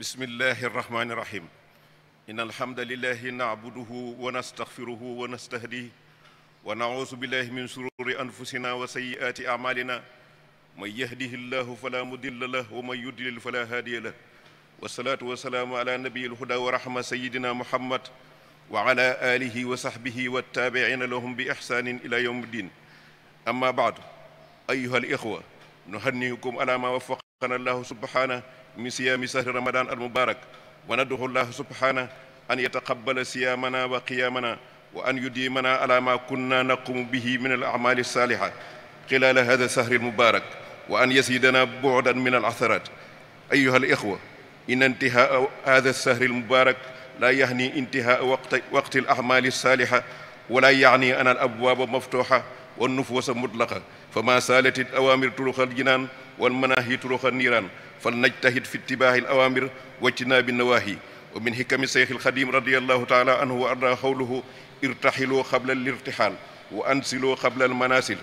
بسم الله الرحمن الرحيم إن الحمد لله نعبده ونستغفره ونستهديه ونعوذ بالله من شرور أنفسنا وسيئات أعمالنا من يهده الله فلا مضل له ومن يضلل فلا هادي له والصلاة والسلام على نبي الهدى ورحمة سيدنا محمد وعلى آله وصحبه والتابعين لهم بإحسان إلى يوم الدين أما بعد أيها الإخوة نهنيكم على ما وفقنا الله سبحانه من صيام شهر رمضان المبارك وندعو الله سبحانه أن يتقبل صيامنا وقيامنا وأن يديمنا على ما كنا نقوم به من الأعمال الصالحة خلال هذا الشهر المبارك وأن يزيدنا بعدا من العثرات أيها الإخوة إن انتهاء هذا الشهر المبارك لا يعني انتهاء وقت, وقت الأعمال الصالحة ولا يعني أن الأبواب مفتوحة والنفوس مطلقة فما سالت الأوامر طرق الجنان والمناهي طرق النيران fal najtahid fi ittibaahi al-awaamir wa ijtinaabi nawaahi wa min hikami seyxi alxadim radiyallahu taala anhu wa arda xawluhu irtaxiloo xabla lirtixaal wa ansiloo xabla almanaasil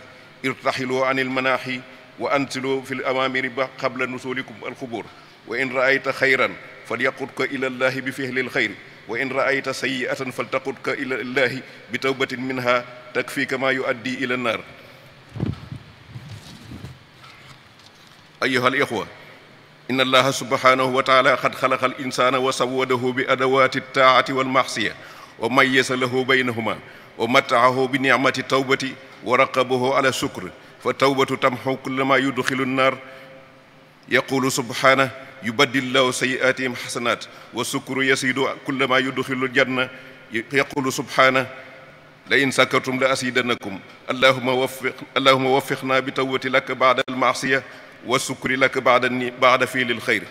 irtaxiloo an ilmanaaxi wa ansiloo fi lawamiri ba xabla nusuulikum alxubuur wa in raayta xayran falyaqudka ila llaahi bi fihli lxayri wa in raayta sayiatan faltaqudka ila llaahi bi tawbatin minha takfiika maa yuaddi ila nnaar ayyuha al ixwa inna allaha subhanahu wa taala xad xalaqa al insaana wa sawwadahu bi adawaati taati walmaxsiya wa mayyesa lahu baynahuma wa mataahu bi nicmati tawbati wa raqabahu ala sukr fa tawbatu tamxu kulla ma yudxilu nnaar yaqulu subhana yubaddillahu sayi'aatihim xasanaat wa sukru yasidu kulla ma yudxilu janna yaqulu subhana la in sakartum la asidanakum allahuma waffiq allahuma waffiqna bi tawbati laka baada almaasiya wa sukri laka baada ni baada fii lil xayr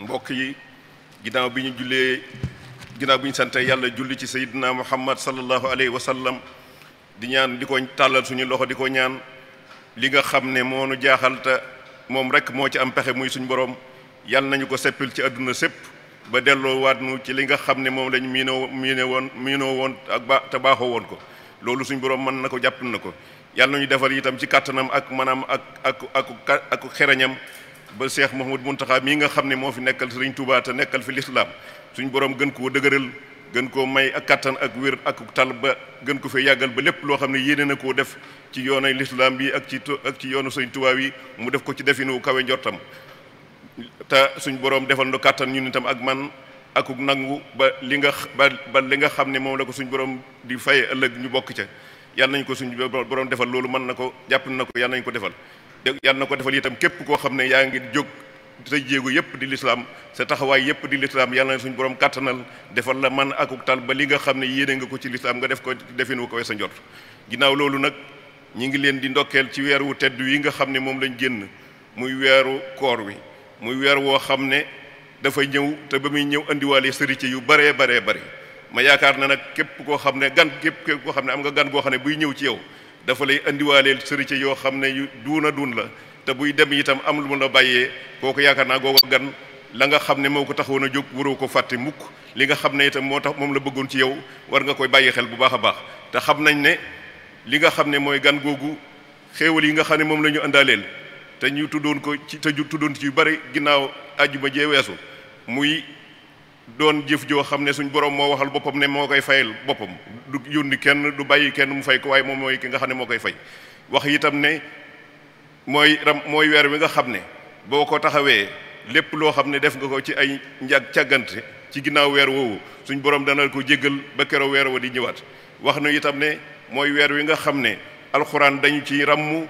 mbokk yi ginnaaw bi ñu jullee ginaaw bi ñu sante yàlla julli ci sayyidina muhammad sallallahu alayhi wa sallam di ñaan di ko tàllal suñu loxo di ko ñaan li nga xam ne moo nu moom rek moo ci am pexe muy suñu borom yàlla nañu ko seppil ci àdduna sépp ba delloo nu ci li nga xam ne moom lañ miinoo miine woon miinoo woon ak ba baaxoo woon ko loolu suñu borom mën na ko jàpp na ko yàlla nañu defal itam ci kàttanam ak maanaam ak ak ak ak xerañam ba seex Mouhamadou Mountakha mii nga xam ne moo fi nekkal Serigne Touba te nekkal fi lislaam suñ borom gën koo dëgëral gën koo may ak kattan ak wér ak tal ba gën ko fi yàggal ba lépp loo xam ne yéene na koo def ci yoonay lislaam bi ak ci ak ci yoonu Serigne Touba yi mu def ko ci definu kawe njortam te suñ borom defal nu kattan ñun itam ak man akuk nangu ba li nga ba ba li nga xam ne moom la ko suñ borom di faye ëllëg ñu bokk ca yal nañ ko suñ borom defal loolu mën na ko jàpp na ko yal ko defal. yal na ko defal itam képp koo xam ne yaa ngi jóg sa jéego yëpp di lislaam sa taxawaay yëpp di lislaam yal na suñu borom kàttanal defal la man akuk tal ba li nga xam ne yéene nga ko ci lislaam nga def ko defin wu koy sa njot ginnaaw loolu nag ñu ngi leen di ndokkeel ci weer wu tedd yi nga xam ne moom lañu génn muy weeru koor wi muy weer woo xam ne dafa ñëw te ba muy ñëw indiwaale sërite yu baree baree bare ma yaakaar ne nag képp koo xam ne gan képp képp xam ne am nga gan goo xam ne buy ñëw ci yow dafa lay indiwaaleel sërite yoo xam ne yu duuna duun la te buy dem itam am lu mu la bàyyee kooku yaakaar naa googu gan la nga xam ne moo ko taxawoon a jóg waroo ko fàtte mukk li nga xam ne itam moo tax moom la bëggoon ci yow war nga koy bàyyi xel bu baax a baax te xam nañ ne li nga xam ne mooy gan googu xéewal yi nga xam ne moom la ñu àndaaleel te ñu tuddoon ko ci te tuddoon ci yu bari ginnaaw àjjuma jee weesu muy doon jëf joo xam ne suñ borom moo waxal boppam ne moo koy fayal boppam du yónni kenn du bàyyi kenn mu fay ko waaye moom mooy ki nga xam ne moo ne mooy ram mooy weer wi nga xam ne boo ko taxawee lépp loo xam ne def nga ko ci ay njag càggante ci ginnaaw weer woowu suñ borom dana ko jéggal ba keroog weer wa di ñëwaat wax nu itam ne mooy weer wi nga xam ne alxuraan dañu ci ràmm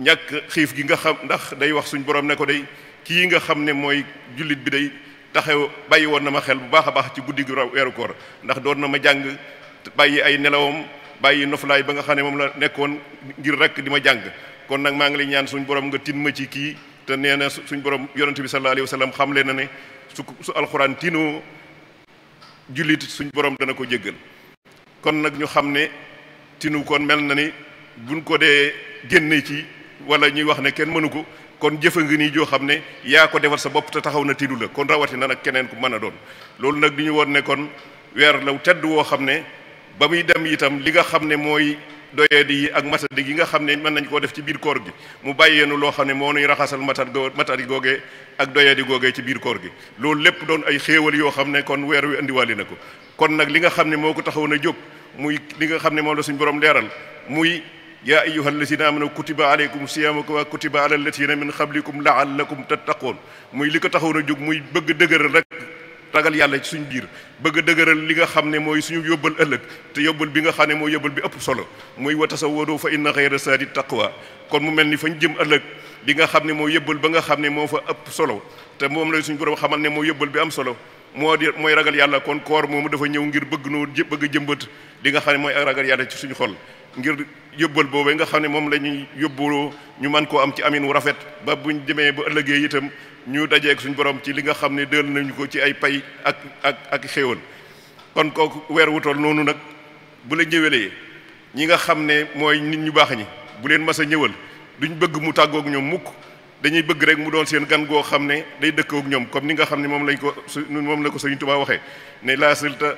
ñàkk xiif gi nga xam ndax day wax suñ borom ne ko day kii nga xam ne mooy jullit bi day taxew bàyyi woon na ma xel bu baax a baax ci guddi gu weeru koor ndax doon na ma jàng bàyyi ay nelawam bàyyi noflaay ba nga xam ne moom la nekkoon ngir rek di ma jàng kon nag maa ngi lay ñaan suñu borom nga tin ma ci kii te nee na suñ borom yonente bi sallallahu alayhi wa sallam xam le ne su su alxuraan tinoo jullit suñ borom dana ko jéggal kon nag ñu xam ne tinu kon mel na ni buñ ko dee génne ci wala ñuy wax ne kenn mënu ko kon jëfa ngi nii joo xam ne yaa ko defal sa bopp te taxaw na tiidu la kon rawatina nag keneen ku mën a doon loolu nag di ñu woon ne kon weer law tedd woo xam ne ba muy dem itam li nga xam ne mooy doyadi yi ak matadi yi nga xam ne mën nañ koo def ci biir koor gi mu bàyyeenu loo xam ne moo nuy raxasal matat matadi googee ak doyadi googee ci biir koor gi loolu lépp doon ay xéewal yoo xam ne kon weer wi indiwaali na ko kon nag li nga xam ne moo ko taxaw na jóg muy li nga xam ne moom la suñu borom leeral muy yaa ayyuha allazina amanu kutiba aleykum siyaamu kama kutiba ala allazina min qablikum laallakum tattaqoon muy li ko taxaw na jóg muy bëgg dëgërël rek ragal yàlla ci suñu biir bëgg dëgërël li nga xam ne mooy suñu yóbbal ëllëg te yóbbal bi nga xam ne mooy yóbbal bi ëpp solo muy wa tasawwadu fa inna xayra zaadi taqwa kon mu mel ni fañ jëm ëllëg li nga xam ne moo yóbbal ba nga xam ne moo fa ëpp solo te moom lay suñu borom xamal ne mooy yóbbal bi am solo moo di mooy ragal yàlla kon koor moomu dafa ñëw ngir bëgg noo bëgg jëmbat li nga xam ne mooy ragal yàlla ci suñu xol ngir yóbbal boobee nga xam ne moom la ñuy yóbbu ñu man koo am ci amin wu rafet ba bu buñ demee ba ëllëgee itam ñu dajeeg suñu borom ci li nga xam ne dël nañu ko ci ay pay ak ak ak xéewal kon kooku weer wutool noonu nag bu la ñëwalee ñi nga xam ne mooy nit ñu baax ñi bu leen mas a ñëwal duñ bëgg mu tàggook ñoom mukk dañuy bëgg rek mu doon seen gan goo xam ne day dëkkoog ñoom comme ni nga xam ne moom lañ ko su moom la ko Sëriñ Tuubaa waxee ne laa silta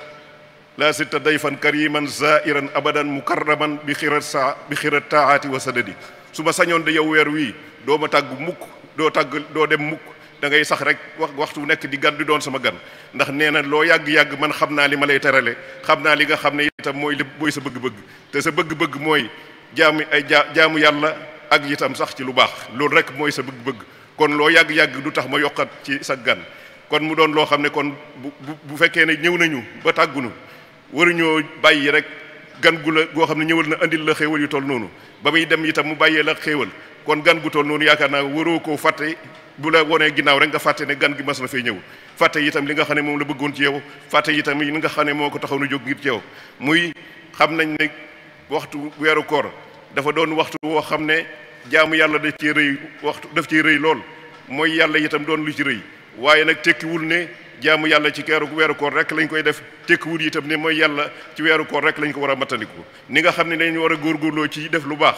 laa sitta dayfan kariman zairan abadan mukarraman bi xirat sa bi xirat taaati wa sadadi su ma sañoon de yow weer wii doo ma tàgg mukk doo tàgg doo dem mukk da ngay sax rek wax waxtu nekk di gan di doon sama gan ndax nee na loo yàgg-yàgg man xam naa li ma lay terale xam naa li nga xam ne itam mooy lépp booy sa bëgg-bëgg te sa bëgg-bëgg mooy jaamu ay jaamu yàlla ak itam sax ci lu baax loolu rekk mooy sa bëgg-bëgg kon loo yàgg-yàgg du tax ma yokkat ci sa gan kon mu doon loo xam ne kon bu bu fekkee ne ñëw nañu ba tàggunu waruñoo bàyyi rek gan gu la goo xam ne ñëwal na andil la xéewal yu toll noonu ba muy dem itam mu bàyyee la xéewal kon gan gu toll noonu yaakaar naa waroo koo fàtte bu la wonee ginnaaw rek nga fàtte ne gan gi mas na fay ñëw fàtte itam li nga xam ne moom la bëggoon ci yow fàtte itam li nga xam ne moo ko taxaw na jóg ngir ci muy xam nañ ne waxtu weeru koor dafa doon waxtu woo xam ne jaamu yàlla daf ci rëy waxtu daf ciy rëy lool mooy yàlla itam doon lu ci rëy jaamu yàlla ci keeru weeru koor rek lañ koy def tekkiwul itam ne mooy yàlla ci weeru koor rek lañ ko war a mattandiku ni nga xam ne dañu war a góorgóorloo ci def lu baax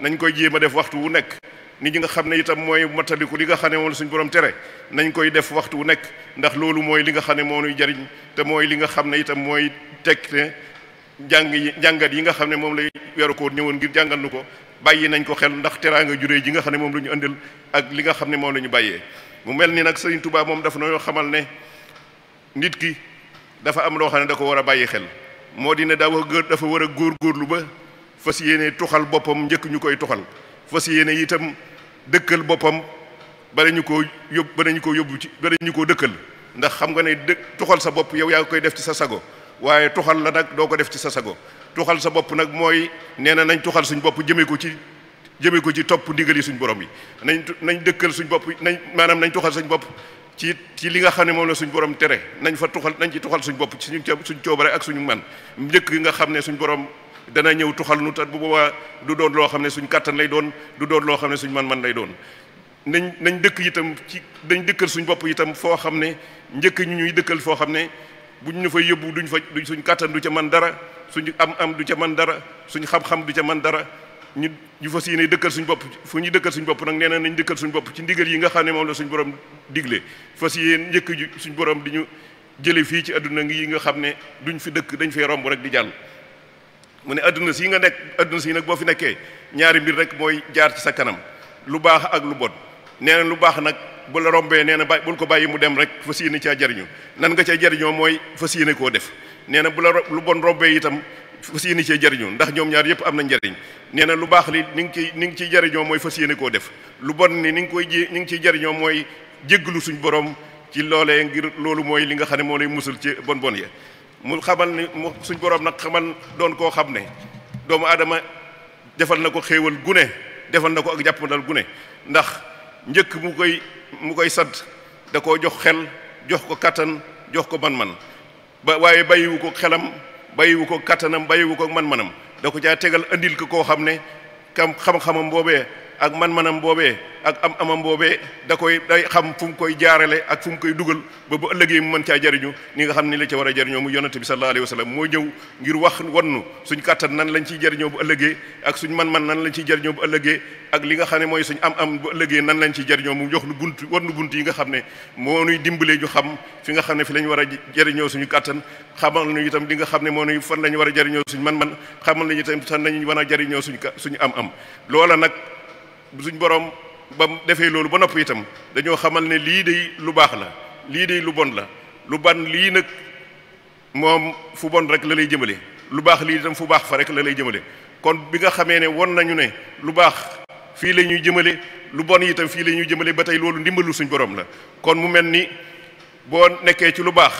nañ koy jéem a def waxtu wu nekk ni ñi nga xam ne itam mooy mattandiku li nga xam ne moom la borom tere nañ koy def waxtu wu nekk ndax loolu mooy li nga xam ne moo nuy jariñ te mooy li nga xam ne itam mooy teg ne jàng yi jàngat yi nga xam ne moom lay weeru koor ñëwoon ngir jàngal nu ko bàyyi nañ ko xel ndax teraanga juree ji nga xam ne moom la ñu indil ak li nga xam ne moom la ñu bàyyee mu mel ni nag Sëriñ Tuubaa moom dafa noo xamal ne nit ki dafa am loo xam ne da ko war a bàyyi xel moo di ne daa wax gër dafa war a góor góorgóorlu ba fas yéene tuxal boppam njëkk ñu koy tuxal fas yéene itam dëkkal boppam bala ñu koo yóbbu bala ñu koo yóbbu ci bala ñu koo dëkkal ndax xam nga ne dë tuxal sa bopp yow yaa koy def ci sa sago waaye tuxal la nag doo ko def ci sa sago tuxal sa bopp nag mooy nee na nañ tuxal suñ bopp jëmee ko ci jëmee ko ci topp ndigal yi suñ borom yi nañ nañ dëkkal suñ bopp nañ maanaam nañ tuxal suñ bopp ci ci li nga xam ne moom la suñ borom tere nañ fa tuxal nañ ci tuxal suñ bopp ci suñu suñ coobare ak suñu man njëkk gi nga xam ne suñ borom dana ñëw tuxal nu ta bu boobaa du doon loo xam ne suñ kàttan lay doon du doon loo xam ne suñ man-man lay doon nañ nañ dëkk itam ci dañ dëkkal suñ bopp itam foo xam ne njëkk ñuy dëkkal foo xam ne buñ ñu fa yóbbu ñu fa suñ kàttan du ca man dara suñ am am du ca man dara suñ xam-xam du ca man dara ñu ñu fas yéene dëkkal suñu bopp fu ñuy dëkkal suñu bopp nag nee na nañ dëkkal suñ bopp ci ndigal yi nga xam ne moom la suñ borom digle fas yéen njëkk suñ borom di ñu jële fii ci adduna ngi yi nga xam ne duñ fi dëkk dañ fay romb rek di jàll mu ne adduna si nga nekk adduna si nag boo fi nekkee ñaari mbir rek mooy jaar ci sa kanam lu baax ak lu bon nee na lu baax nag bu la rombee nee na bàyyi ko bàyyi mu dem rek fas yéene caa jariñu nan nga caa jariñoo mooy fas yéene koo def nee na bu la lu bon rombee itam fas yéene cee jariñoo ndax ñoom ñaar yëpp am na njariñ nee na lu baax li ni nga ciy ni nga ciy jariñoo mooy fas yéene koo def lu bon ni ni nga koy ji ni nga ciy jariñoo mooy jégglu suñ borom ci loolee ngir loolu mooy li nga xam ne moo lay musul ci bon bon ya mu xamal ni mu suñ borom nag xamal doon koo xam ne doomu aadama defal na ko xéewal gune defal na ko ak jàppandal gune ndax njëkk mu koy mu koy sadd da koo jox xel jox ko kattan jox ko man-man waaye bàyyiwu ko xelam bàyyiwu ko kattanam bàyyiwu ko man-manam da ko caa tegal andil ko koo xam ne kam xam-xamam boobee ak man-manam boobee ak am amam boobee da koy day xam fu mu koy jaarale ak fu mu koy dugal boobu bu ëllëgee mu mën caa jariñu ni nga xam ni la ca war a jariñoo mu yonante bi sallallahu alayhi wa sallam moo ñëw ngir wax wannu suñ kàttan nan lañ ciy jariñoo bu ëllëgee ak suñ man-man nan lañ ciy jariñoo bu ëllëgee ak li nga xam ne mooy suñ am am bu nan lañ ciy jariñoo mu jox nu bunt wannu bunt yi nga xam ne moo nuy dimbalee ñu xam nga xam ne fi lañ war a jariñoo suñu kàttan xamal nu itam li nga xam ne moo nuy fan lañ war a jariñoo suñ man-man xam nañu itam fan lañ war a jariñoo suñ suñu am am loola nag suñ boroom ba mu defee loolu ba nopp itam dañoo xamal ne lii day lu baax la lii day lu bon la lu ban lii nag moom fu bon rek la lay jëmale lu baax lii itam fu baax fa rekk la lay jëmale kon bi nga xamee ne won nañu ne lu baax fii la ñuy jëmale lu bon itam fii la ñuy jëmale ba tey loolu ndimbalu suñ borom la kon mu mel ni boo nekkee ci lu baax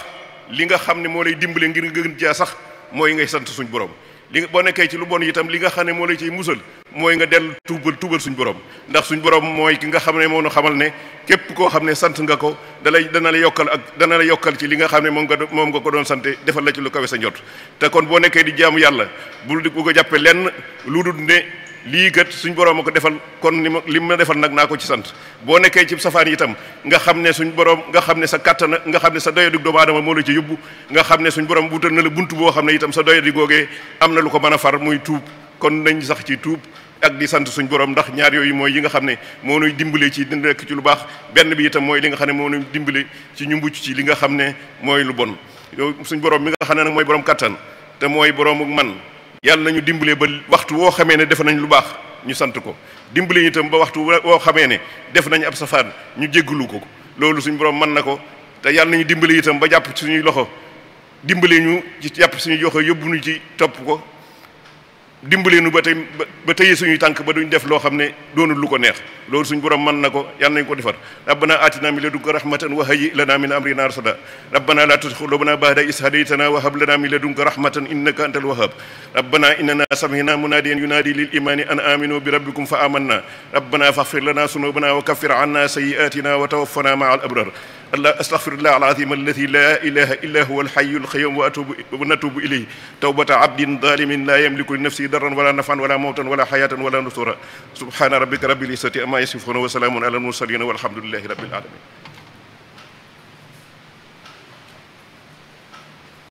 li nga xam ne moo lay dimbale ngir gën jaa sax mooy ngay sant suñ borom li boo nekkee ci lu bon itam li nga xam ne moo lay ciy musal mooy nga dellu tuubal tuubal suñ borom ndax suñ borom mooy ki nga xam ne moo nu xamal ne képp koo xam ne sant nga ko dalay dana la yokkal ak dana la yokkal ci li nga xam ne moom nga moom nga ko doon sante defal la ci lu kawe sa njot te kon boo nekkee di jaamu yàlla bul di bu ko jàppee lenn lu dul ne lii kat suñ borom a ko defal kon li ma li ma defal nag naa ko ci sant boo nekkee ci safaan itam nga xam ne suñ borom nga xam ne sa kàttana nga xam ne sa doyadi doomu aadama moo la ci yóbbu nga xam ne suñ borom wutal na la bunt boo xam ne itam sa doyadi googee am na lu ko mën a far muy tuub kon nañ sax ci tuub ak di sant suñ borom ndax ñaar yooyu mooy yi nga xam ne moo nuy dimbale ci dina nekk ci lu baax benn bi mooy li nga xam ne moo nuy dimbale ci ñu mucc ci li nga xam ne mooy lu bon yow suñ borom mi nga xam ne nag mooy borom kattan te mooy borom man yàlla nañu dimbale ba waxtu woo xamee ne def nañ lu baax ñu sant ko dimbale ñu itam ba waxtu woo xamee ne def nañ ab safaan ñu jéggalu ko loolu suñu borom mën na ko te yàlla nañu dimbale itam ba jàpp suñuy loxo dimbale ñu ci jàpp suñu loxo yóbbu ñu ci topp ko dimbaleenu ba tey ba tëye suñuy ba duñ def loo xam ne doonul lu ko neex loolu suñ borom mën na ko yàlla nañ ko defar rabbana atina min ladunka rahmatan wa hayyi lana min amrina rashada rabbana la tuzigh qulubana ba'da idh hadaytana wa hab lana min ladunka rahmatan innaka antal wahhab rabbana innana sami'na munadiyan yunadi lil an aminu bi rabbikum fa amanna rabbana faghfir lana dhunubana wa kaffir anna sayyi'atina wa tawaffana ma'al allah astaghfirullah alazim alladi la ilaha illa huwa alhayu alqayum wa atubu wa natubu ilayhi tawbata abdin zalimin la yamliku li nafsi darran wala nafan wala mawtan wala hayatan wala nusura subhana rabbika rabbil izzati amma yasifun wa salamun ala al mursalin walhamdulillahi rabbil alamin